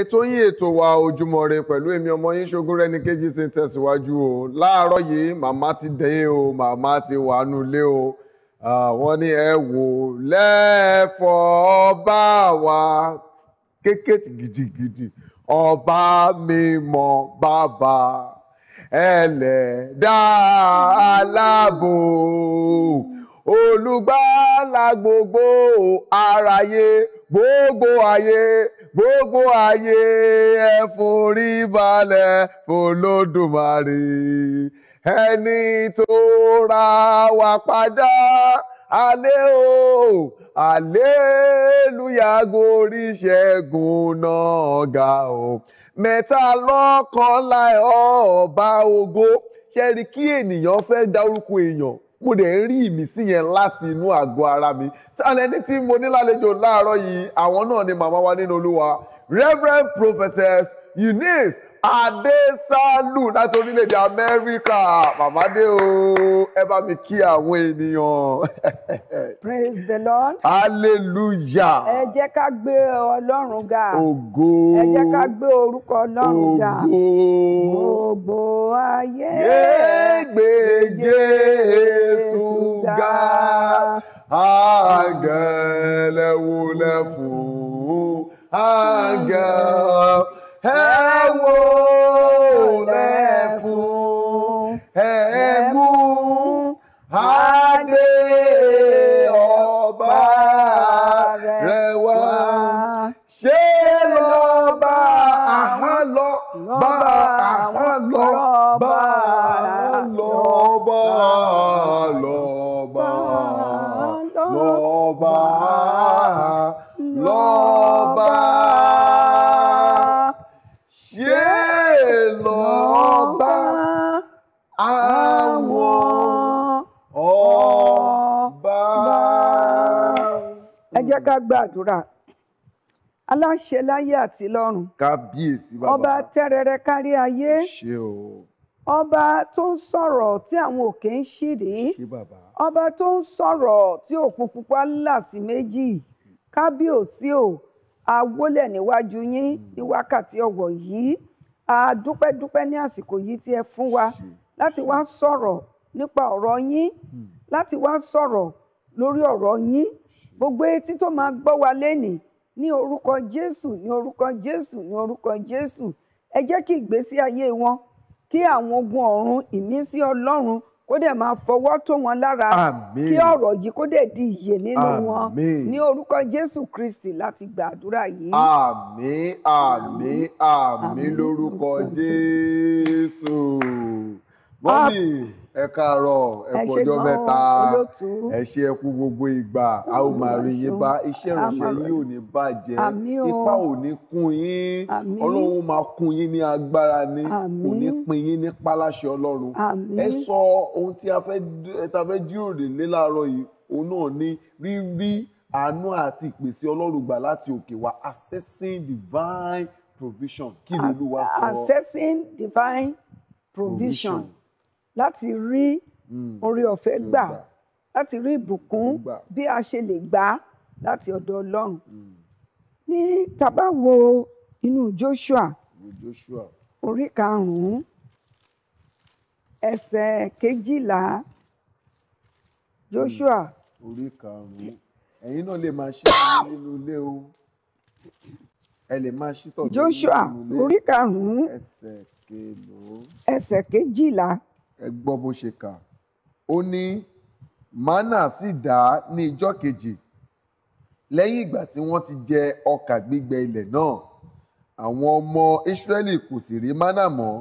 ètò yín ètò wa ojúmọ́ re pẹ̀lú èmi ọmọ yín ṣogúnrẹ́ni kejì ṣe ń tẹ̀síwájú o láàárọ̀ yìí màmá ti dẹ́yẹ o màmá ti wà nù lé o wọ́n ní ẹ wò lẹ́ẹ̀fọ́ ọba wa kéèké gidigidi ọba mi mọ bàbá ẹlẹ́dà aláàbò olùgbàlà gbogbo aráyé gbogbo ayé gbogbo ayé ẹ forí balẹ̀ f'Olódùmarè ẹni tó ra wa padà alẹ́ o aleluya gorí ṣẹ́gun náà ga o mẹ́ta lọ́kàn láì ọba ògo ṣẹ́rí kí ènìyàn fẹ́ dá èèyàn mo dẹ̀ ń rí ìmísí yẹn láti inú àgọ́ ara mi tálẹ̀ ní tí mo ní lálejò láàárọ̀ yìí àwọn náà ni màmá wa nínú Olúwa Reverend Prophetess Eunice adésálù láti orílẹ̀-èdè amẹ́ríkà màmá dé o ẹ bá mi kí àwọn ènìyàn. praise the lord. hallelujah. ẹ jẹ́ ká gbé ọlọ́run ga. ògo. ẹ jẹ́ ká gbé orúkọ ọlọ́run ga. ògo. gbogbo ayé. yéé jésù ga. àgẹ̀lẹ̀ wulẹ̀ fún àgẹ̀. hello. wò jẹ́ ká gbàdúrà aláṣẹ láyé àti lọ́run kábíyèsí bàbá ọba tẹ́rẹrẹ kárí ayé ọba tó ń sọ̀rọ̀ tí àwọn òkè ń ṣìdí ọba tó ń sọ̀rọ̀ tí òkun pupa là sí méjì kábíyèsí o àwọlẹ̀ níwájú yín ní wákàtí ọ̀wọ̀ yìí àdúpẹ́dúpẹ́ ní àsìkò yìí tí ẹ fún wa láti wá sọ̀rọ̀ nípa ọ̀rọ̀ yín hmm. láti wá sọ̀rọ̀ lórí ọ̀rọ̀ yín gbogbo etí tó máa gbọ́ wa lénìí ní orúkọ Jésù ní orúkọ Jésù ní orúkọ Jésù ẹ jẹ́ kí ìgbésí ayé wọn kí àwọn ogun ọ̀run ìmísí Ọlọ́run kó dẹ̀ máa fọwọ́ tó wọn lára àmín kí ọ̀rọ̀ yìí kó dẹ̀ di ìyè nínú wọn ní orúkọ Jésù Kristi láti gbàdúrà yìí. àmín àmín àmín lórúkọ Jésù mọ́mì ah. ẹ káàárọ̀ ẹ kú ọjọ́ mẹ́ta ẹ ṣe ẹ kú gbogbo ìgbà a ó máa rí yín bá iṣẹ́ ìránṣẹ́ yín ò ní bàjẹ́ ipa ò ní kún yín ọlọ́run máa kún yín ní agbára ni kò ní pín yín ní páláṣẹ ọlọ́run ẹ sọ ohun tí a fẹ́ jíròrò lé láàárọ̀ yìí òun náà ní rírí àánú àti ìpèsè ọlọ́run gbà láti òkè wá accessing divine provision kí ni olúwa sọ. assessing divine provision. provision láti rí hmm. orí ọ̀fẹ́ hmm. gbà hmm. láti rí ìbùkún bí a ṣe lè gbà láti ọ̀dọ̀ Ọlọ́run ní tá bá wo inú Joshua orí karùnún ẹsẹ̀ kejìlá Joshua. orí karùnún ẹ̀yin náà lè máa ṣí nínú ilé o ẹ lè máa ṣí tọ̀dọ̀ nínú ilé Joshua orí karùnún ẹsẹ̀ kejìlá ẹ gbọ́ bó ṣe kà ó ní mánà sì dà á ní ijọ́ kejì lẹ́yìn ìgbà tí wọ́n ti jẹ ọkà gbígbẹ ilẹ̀ náà àwọn ọmọ Ísírẹ́lì kò sì rí mánà mọ́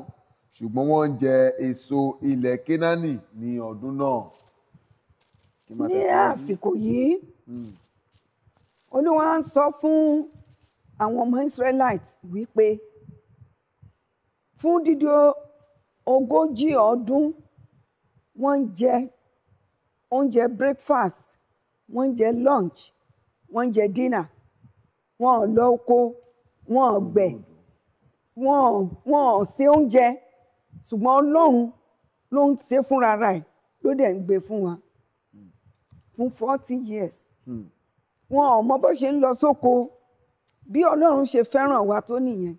ṣùgbọ́n wọ́n ń jẹ èso ilẹ̀ Kénáánì ní ọdún náà. ní àsìkò yìí hmm. Olúwa ń sọ fún àwọn ọmọ Israelite wípé fún dídó ogójì ọdún wọ́n ń jẹ oúnjẹ breakfast wọ́n ń jẹ lunch wọ́n ń jẹ dinner wọ́n ò lọ oko wọ́n ò gbẹ̀ wọ́n wọ́n ò ṣe oúnjẹ ṣùgbọ́n ọlọ́run ló ń ṣe fúnra rà ẹ̀ ló dẹ̀ ń gbé fún wa fún forty years wọn ò mọ bó ṣe ń lọ sóko bí ọlọ́run ṣe fẹ́ràn wa tó nìyẹn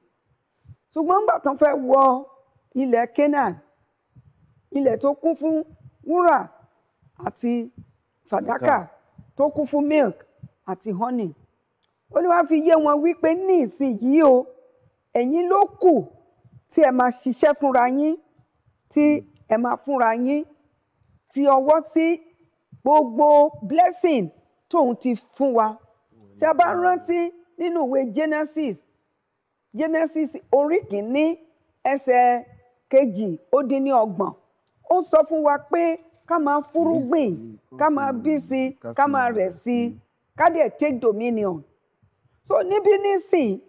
ṣùgbọ́n nígbà tán fẹ́ wọ ilẹ̀ Canaan ilẹ̀ tó kún fún wúrà àti fàdákà tó kún fún milk àti honey olúwa fi yé wọn wípé ní ìsinyìí o ẹ̀yin ló kù tí ẹ máa ṣiṣẹ́ fúnra yín tí ẹ máa fúnra yín ti ọwọ́ sí gbogbo blessing tóun ti fún wa tí a bá rántí nínú ìwé Genesis Genesis orí kìíní ẹsẹ̀ kejì ó dín ní ọgbọ̀n ó sọ fún wa pé ká máa fúrúgbìn ká máa bí sí ká máa rẹ̀ sí ká dẹ̀ take dominion so níbí nísìn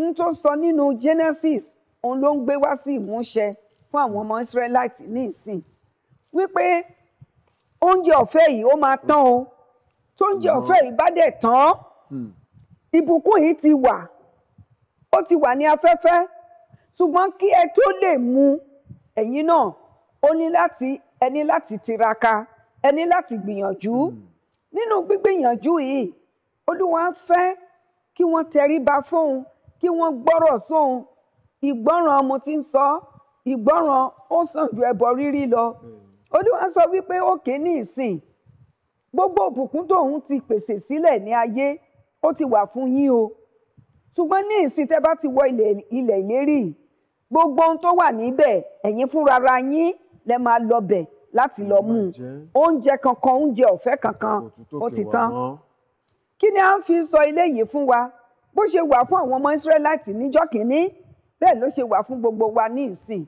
n tó sọ nínú Genesis òun ló ń gbé wá sí ìmúṣẹ fún àwọn ọmọ Israelite nísìn wípé oúnjẹ ọ̀fẹ́ yìí ó máa tán o tó oúnjẹ ọ̀fẹ́ yìí bá dẹ̀ tán hmm. ìbùkún yìí ti wà ó ti wà ní afẹ́fẹ́ ṣùgbọ́n kí ẹ tó lè mu ẹ̀yin náà ó ní láti ẹ láti tiraka ẹ ní láti gbìyànjú hmm. nínú gbígbìyànjú yìí olúwa ń fẹ́ kí wọ́n tẹríba fóun kí wọ́n gbọ́rọ̀ sóun ìgbọ́ràn mo ti ń sọ ìgbọ́ràn ó sàn ju ẹbọ rírí lọ hmm. olúwa sọ wípé òkè ní ìsìn gbogbo òbùkún tóun ti pèsè sílẹ̀ ní ayé ó ti wà fún yín o ṣùgbọ́n ní ìsìn tẹ́ bá ti wọ ilẹ̀ ìlérí yìí gbogbo ohun tó wà níbẹ̀ ẹ̀yin fúnrara yín lẹ máa lọ bẹ̀ láti lọ mú oúnjẹ kankan oúnjẹ ọ̀fẹ́ kankan ó ti tán kí ni a ń fi sọ ilé yìí fún wa bó ṣe wà fún àwọn ọmọ Ísírẹ́láìtì níjọ́ kìíní bẹ́ẹ̀ ló ṣe wà fún gbogbo wa ní ìsìn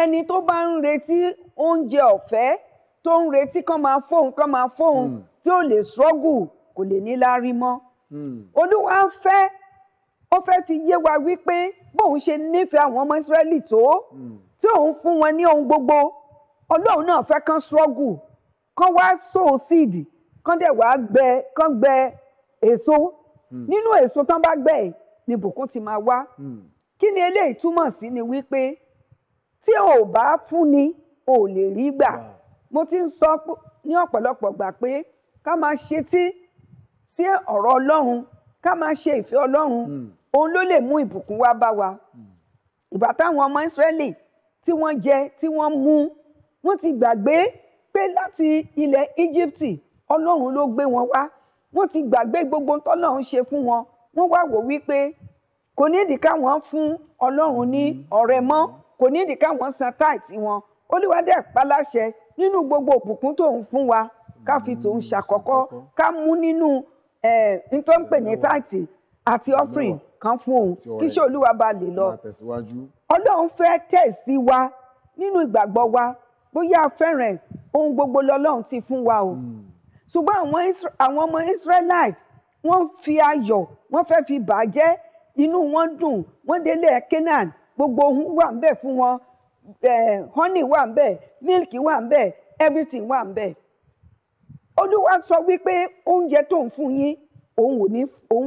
ẹni tó bá ń retí oúnjẹ ọ̀fẹ́ tó ń retí kán máa fóun kán máa fóun hmm. tí ó lè struggle kò lè ní láárí mọ́ hmm. olúwa ń fẹ́ ó fẹ́ fi yé wa wípé bóun ṣe nífẹ̀ẹ́ àwọn ọmọ Ísírẹ́lì tó hmm. tí òun fún wọn ní ohun gbogbo Ọlọ́run náà fẹ́ kán struggle kán wá sow seed kán dẹ̀ wá gbẹ kán gbẹ èso hmm. nínú èso tán bá gbẹ ni bùkún ti máa wá hmm. kí ni eléyìí túmọ̀ sí ni wípé tí o bá fúnni o lè rí gbà mo ti ń sọ ní ọ̀pọ̀lọpọ̀ gbà pé ká máa ṣetí sí ọ̀rọ̀ Ọlọ́run ká máa ṣe ìfẹ́ Ọlọ́run òun ló lè mú ìbùkún wá bá wa hmm. ìgbà táwọn ọmọ Ísírẹ́lì tí wọ́n jẹ tí wọ́n mú wọ́n ti gbàgbé pé láti ilẹ̀ Íjíbítì Ọlọ́run ló gbé wọn wá wọ́n ti gbàgbé gbogbo tọ́lọ́run ṣe fún wọn wọ́n wá wò wípé kò nídìí káwọn fún Ọlọ́run ní ọrẹ mọ́ kò nídìí káwọn san táìtì wọn olúwadẹ paláṣẹ nínú gbogbo òbùkún tóun fún wa ká fi hmm, tòun ṣàkọ́kọ́ ká mú nínú ẹ eh, n tó ń pè ní táìtì àti offering kan fún òun kí iṣẹ́ olúwa bá lè lọ ọlọ́run fẹ́ tẹ̀sí wa nínú ìgbàgbọ́ wa bóyá a fẹ́ràn ohun gbogbo lọ́lọ́run ti fún wa o hmm. ṣùgbọ́n àwọn ọmọ israelite wọ́n fi ayọ̀ wọ́n fẹ́ fi bàjẹ́ inú wọn dùn wọ́n délé canaan gbogbo ohun wà ńbẹ̀ fún wọn honey wà ńbẹ̀ milk wà ńbẹ̀ everything wà ńbẹ̀ olúwa sọ wípé oúnjẹ tó ń fún yín òun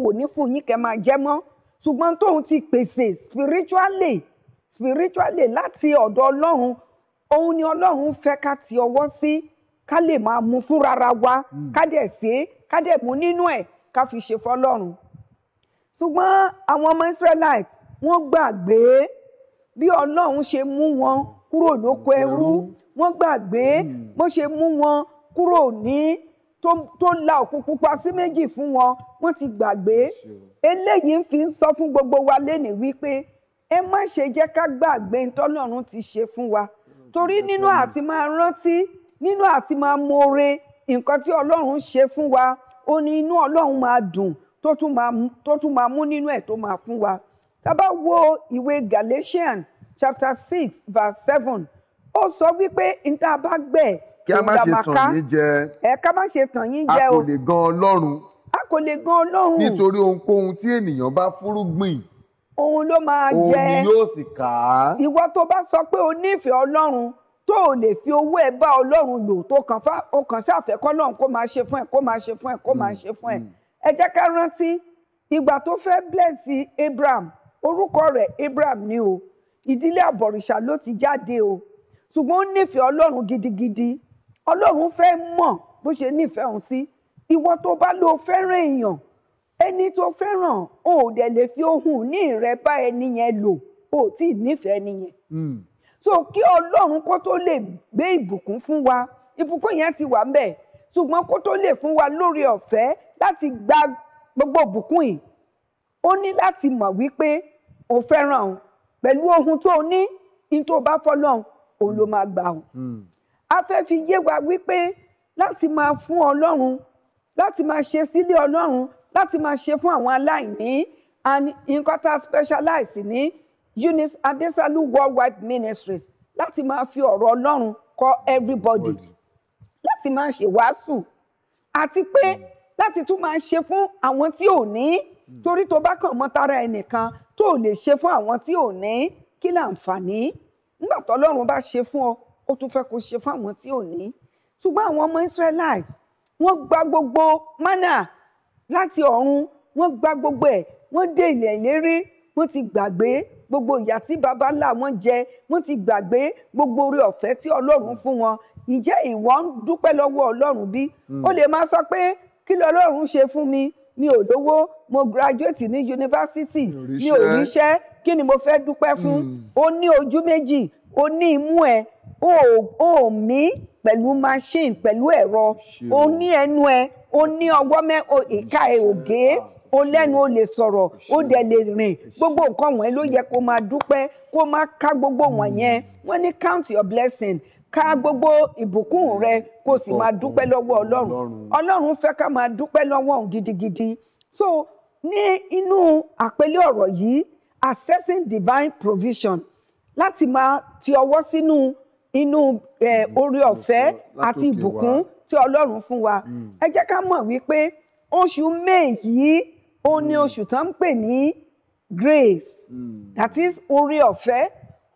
ò ní fún yín kẹ́ máa jẹ mọ́ ṣùgbọ́n tóun ti pèsè spiritually spiritually láti ọ̀dọ̀ ọlọ́run òun ni ọlọ́run fẹ́ ká ti ọwọ́ sí ká lè máa mú fúnrara wa hmm. ká dẹ̀ ṣe ká dẹ̀ mú nínú ẹ̀ ká fi ṣe fọlọ́run ṣùgbọ́n àwọn ọmọ israelite wọ́n gbàgbé bí ọlọ́run ṣe mú wọn kúrò lóko ẹrú wọ́n gbàgbé hmm. bó ṣe mú wọn kúrò ní tó la òkun pupa sí méjì fún wọn wọ́n ti gbàgbé eléyìí ń fi sọ fún gbogbo wa lénìí wípé ẹ má ṣe jẹ́ ká gbàgbé ntọ́lọ́run ti ṣe fún wa torí nínú àti máa rántí nínú àti máa mọ̀re nǹkan tí ọlọ́run ṣe fún wa ó ní inú ọlọ́run máa dùn tó tún máa mú nínú ẹ̀ tó máa fún wa tá wo ìwé Galatians chapter six verse seven ó sọ wípé n tá bá gbẹ̀ kí a má ṣe tàn yín jẹ ẹ ká má ṣe tàn yín jẹ o a kò lè gan ọlọ́run a kò lè gan ọlọ́run nítorí ohunkóhun tí ènìyàn bá fúrúgbìn òun ló máa jẹ òun ni yóò sì kà á ìwọ tó bá sọ pé o nífẹ̀ẹ́ ọlọ́run tó o lè fi owó ẹ bá ọlọ́run lò tó kàn fá o kàn sáfẹ́ kọ́lọ́run kó máa ṣe fún ẹ kó máa ṣe fún ẹ kó máa mm, ṣe fún ẹ mm. ẹ jẹ́ ká rántí ìgbà tó fẹ́ bless Abraham orúkọ rẹ̀ Abraham ni o ìdílé àbọ̀rìṣà ló ti jáde o ṣùgbọ́n ó nífẹ̀ẹ́ ọlọ́run gidigidi ọlọ́run fẹ́ mọ̀ bó ṣe nífẹ̀ẹ́ òun sí ìwọ tó bá lo fẹ́ràn èèyàn ẹni tó fẹ́ràn ò dẹ̀ lè fi ohun ní ìrẹ́ bá ẹni yẹn lò ò tí ì nífẹ̀ẹ́ ẹni yẹn. Hmm. so kí ọlọ́run kó tó lè gbé ìbùkún fún wa ìbùkún yẹn ti wà ńbẹ̀ ṣùgbọ́n kó tó lè fún wa lórí ọ̀fẹ́ láti gba gbogbo ìbùkún yìí ó ní láti mọ̀ wípé o fẹ́ràn òun pẹ̀lú ohun tó ní ní tó bá fọ́lọ́run òun ló máa gbà òun. Hmm a fẹ́ fi yé wa wípé láti máa fún ọlọ́run láti máa ṣe sílé ọlọ́run láti máa ṣe fún àwọn aláìní and nǹkan tá a specialize ní Eunice Adesalu Worldwide Ministries láti máa fi ọ̀rọ̀ ọlọ́run kọ́ everybody láti máa ṣe wàásù àti pé láti tún máa ṣe fún àwọn tí ò ní hmm. torí tó bá kàn mọ́ tara ẹnìkan tó lè ṣe fún àwọn tí ò ní kí láǹfààní nígbà tọ́lọ́run bá ṣe fún ọ ó tún fẹ́ kó ṣe fún àwọn tí ò ní ṣùgbọ́n àwọn ọmọ Israelite wọ́n gba gbogbo mánà láti ọ̀run wọ́n gba gbogbo ẹ̀ wọ́n dé ilẹ̀ ìlérí wọ́n ti gbàgbé gbogbo ìyà tí baba ńlá wọn jẹ wọ́n ti gbàgbé gbogbo oore ọ̀fẹ́ tí Ọlọ́run fún wọn ǹjẹ́ ìwọ ń dúpẹ́ lọ́wọ́ Ọlọ́run bí ó hmm. lè máa sọ pé kí lọ́lọ́run ṣe fún mi mi ò lówó mo graduate ní yunifásitì mi ò ríṣẹ́ kí ni mo fẹ́ dúpẹ́ fún hmm. o ní ojú méjì o ní imú ẹ o ò mí pẹ̀lú machine pẹ̀lú ẹ̀rọ o ní ẹnu ẹ o ní ọwọ́ mẹ́ ìka ẹ ògé ah, o lẹ́nu o lè sọ̀rọ̀ o dẹ̀ lè rìn gbogbo nǹkan wọ̀nyẹn ló yẹ kó máa dúpẹ́ kó máa ká gbogbo hmm. wọ̀nyẹn wọ́n ní count your blessing ká gbogbo ìbùkún rẹ kó sì máa dúpẹ́ lọ́wọ́ ọlọ́run ọlọ́run fẹ́ ká máa dúpẹ́ lọ́wọ́ òun gidigidi so ní inú àpẹẹlẹ ọ̀rọ̀ yìí accessing divine provision láti máa ti ọwọ́ sínú inú mm. orí ọ̀fẹ́ àti ìbùkún tí ọlọ́run fún wa mm. ẹ jẹ́ ká mọ̀ wípé oṣù may yìí ó ní mm. oṣù tó ń pè ní grace that is orí ọ̀fẹ́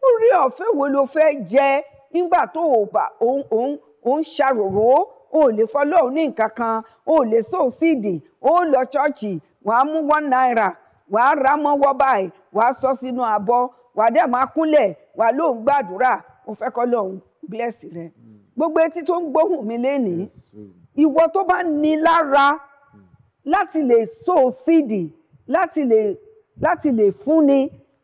orí ọ̀fẹ́ wo ló fẹ́ jẹ nígbà tó o bá ò ń ṣàròrò o ò lè fọlọ́run ní nǹkan kan o ò lè sow síìdì o ò lọ ṣọ́ọ̀ṣì wàá mú one naira wàá ra mọ́wọ́ báyìí wàá sọ sínú abọ́ wàá dẹ̀ máa kúnlẹ̀ wàá lóun gbàdúrà mo fẹ́ kọ́ lọ́hùn bless rẹ hmm. gbogbo etí tó ń gbóhùn mi lénìí ìwọ tó bá ní lára hmm. láti lè so síìdì láti lè láti lè fúnni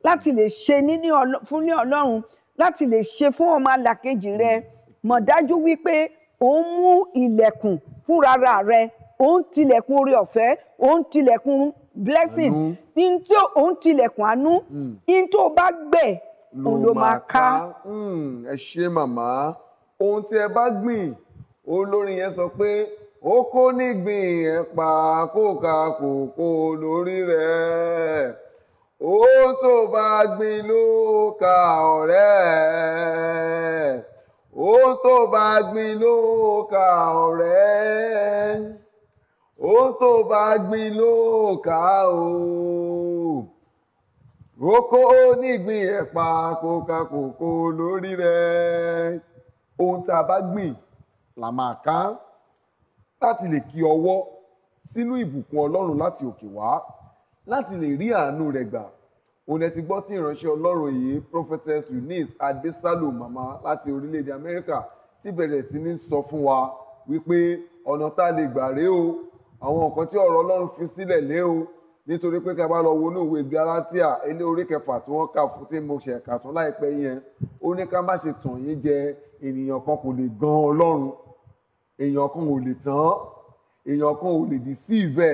láti lè ṣe níní fún ní ọlọ́run láti lè ṣe fún ọmọ alàkejì rẹ hmm. mọ̀ dájú wípé ò ń mú ilẹ̀kùn fúnra rẹ ò ń tilẹ̀kùn orí ọ̀fẹ́ ò ń tilẹ̀kùn blessing ní tí ò ń tilẹ̀kùn àánú ní tó bá gbẹ̀ ló máa ká ẹ ṣe màmá ohun tí ẹ bá gbìn olórin yẹn sọ pé ó kó nígbìn ẹ pa kóka kòkó lórí rẹ ó tó bá gbìn ló ka ọ̀rẹ́ ó tó bá gbìn ló ka ọ̀rẹ́ ó tó bá gbìn ló ka ooo. Oko onígbìn ẹ̀pà kó ka kòkó lórí rẹ̀. Ohun tá a bá gbìn là máa ká láti lè kí ọwọ́ sínú ìbùkún Ọlọ́run láti òkè wá láti lè rí àánú rẹ̀ gbà òun ẹ ti gbọ́ tí ìránṣẹ́ ọlọ́run yìí prophetess eunice adesalo mama láti orílẹ̀-èdè amẹ́ríkà ti bẹ̀rẹ̀ sí ní sọ fún wa wípé ọ̀nà tá a lè gbà rèé o àwọn nǹkan tí ọ̀rọ̀ ọlọ́run fi sílẹ̀ lé o nítorí pé ká bá lọ wo ní òwe Gálátíà ilé orí kẹfà tí wọ́n kà fún tí mo ṣe kà tún láìpẹ́ yẹn ó ní ká má ṣe tàn yín jẹ ènìyàn kan kò lè gan Ọlọ́run èèyàn kan ò lè tàn èèyàn kan ò lè deceive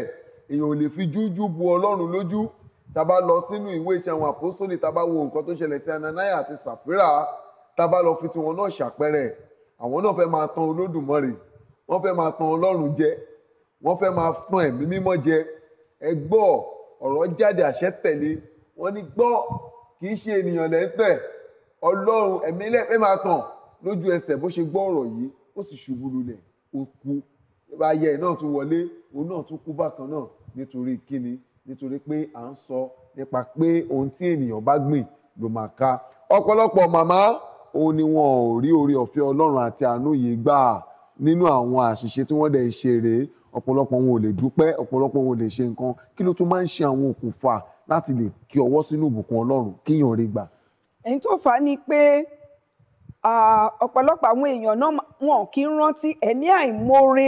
èèyàn ò lè fi jújú bu Ọlọ́run lójú tá bá lọ sínú ìwé iṣẹ́ àwọn àpòsólì tá bá wo nǹkan tó ṣẹlẹ̀ sí Ananaya àti Sàfírà tá bá lọ fi tiwọn náà ṣàpẹẹrẹ àwọn náà fẹ́ máa tan Olódùmarè wọ́n fẹ́ máa tan Ọlọ́run jẹ wọ́n fẹ́ máa tan ẹ̀mí mímọ́ jẹ ẹ gbọ́ ọ̀rọ̀ jáde àṣẹ tẹ̀lé wọ́n ní gbọ́ kì í ṣe ènìyàn lẹ́ńpẹ̀ ọlọ́run ẹ̀mí lẹ́pẹ́ máa tàn lójú ẹsẹ̀ bó ṣe gbọ́ ọ̀rọ̀ yìí ó sì ṣubú lulẹ̀ ó kú ayẹ náà tún wọlé òun náà tún kú bákan náà nítorí kíni nítorí pé à ń sọ nípa pé ohun tí ènìyàn bá gbìn ló máa ká ọ̀pọ̀lọpọ̀ màmá òun ni wọn ò rí oore ọ̀fẹ́ ọlọ́run àti àánú yìí gbà nínú àwọn àṣìṣe tí wọ́n dẹ̀ ṣe rèé ọ̀pọ̀lọpọ̀ wọn ò lè dúpẹ́ ọ̀pọ̀lọpọ̀ wọn ò lè ṣe nǹkan kí ló tún máa ń ṣe àwọn òkùnfà láti lè kí ọwọ́ sínú ìbùkún ọlọ́run kíyàn rí gbà. èyí tó fà á ni pé ọ̀pọ̀lọpọ̀ àwọn èèyàn náà wọn kì í rántí ẹ̀mí àìmoore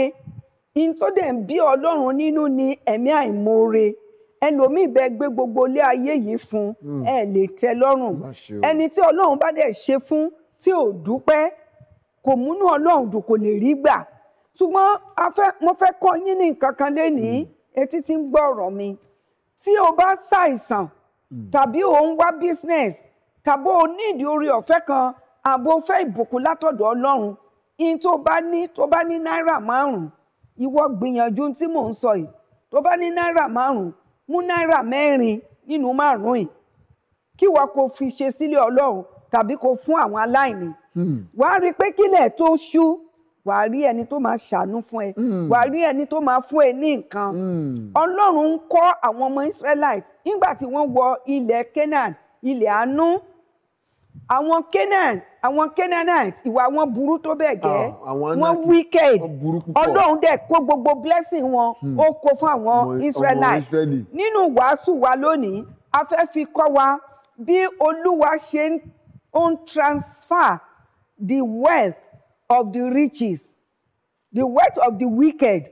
in tó dẹ̀ ń bí ọlọ́run nínú ni ẹ̀mí àìmoore ẹlòmíì bẹ gbé gbogbo ilé ayé yìí fún hmm. ẹ lè tẹ́ lọ́rùn ẹni tí ọlọ́run bá dẹ̀ ṣe fún tí ò dúpẹ́ kò múnú ọlọ́run dùn kò lè rí gbà ṣùgbọ́n mo fẹ́ kọ́ yín ní nǹkan kan lénìí hmm. etí tí ń gbọ́ ọ̀rọ̀ mi tí o bá ṣàìsàn hmm. tàbí o ń wá business tàbí o ní ìdí orí ọ̀fẹ́ kan àbò fẹ́ ìbùkún látọ̀dọ̀ ọlọ́run in tó bá ní tó bá ní náírà márùn-ún ìwọ gbìyànjú tí mò ń sọ yìí tó bá ní náírà márùn-ún mú náírà mẹ́rin nínú márùn-ún yìí kí wàá kó fi ṣe sílé ọlọ́run tàbí kó fún àwọn aláìní hmm. wàá rí i pé kílẹ̀ tó ṣú wà á rí ẹni tó máa ṣàánú fún ẹ hmm. wà á rí ẹni tó máa fún ẹ ní nǹkan hmm. ọlọ́run ń kọ́ àwọn ọmọ israelite nígbà tí wọ́n wọ ilẹ̀ canaan ilẹ̀ àánú àwọn canaan àwọn canaanite ìwà wọn burú tó bẹ́ẹ̀ gẹ́ ah, wọ́n wicked ọlọ́run dẹ̀ kó gbogbo blessing wọn hmm. ó kó fún àwọn israelite nínú wàásù wa lónìí a fẹ́ fi kọ́ wa bí olúwa ṣe ń transfer the wealth of the riches, the wealth of the wicked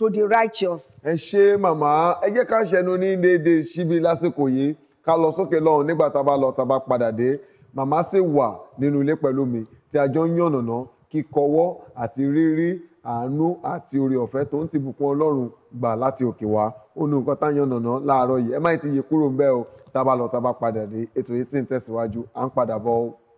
to the righteous. ẹ ṣe màmá ẹ jẹ́ ká ṣẹnu ní déédéé síbi lásìkò yìí ká lọ sókè lọ́hùn nígbà tá a bá lọ tá a bá padà dé màmá sì wà nínú ilé pẹ̀lú mi tí a jọ ń yànnàná kíkọwọ́ àti rírí àánú àti oore ọ̀fẹ́ tó ń ti bùkún ọlọ́run gbà láti òkè wá ó nu nǹkan tá a yànnàná láàárọ̀ yìí ẹ má ti yí kúrò ń bẹ́ẹ̀ o tá a bá lọ tá a bá padà dé ètò yìí sì ń tẹ̀síwájú à ń padà bọ̀ ọ́.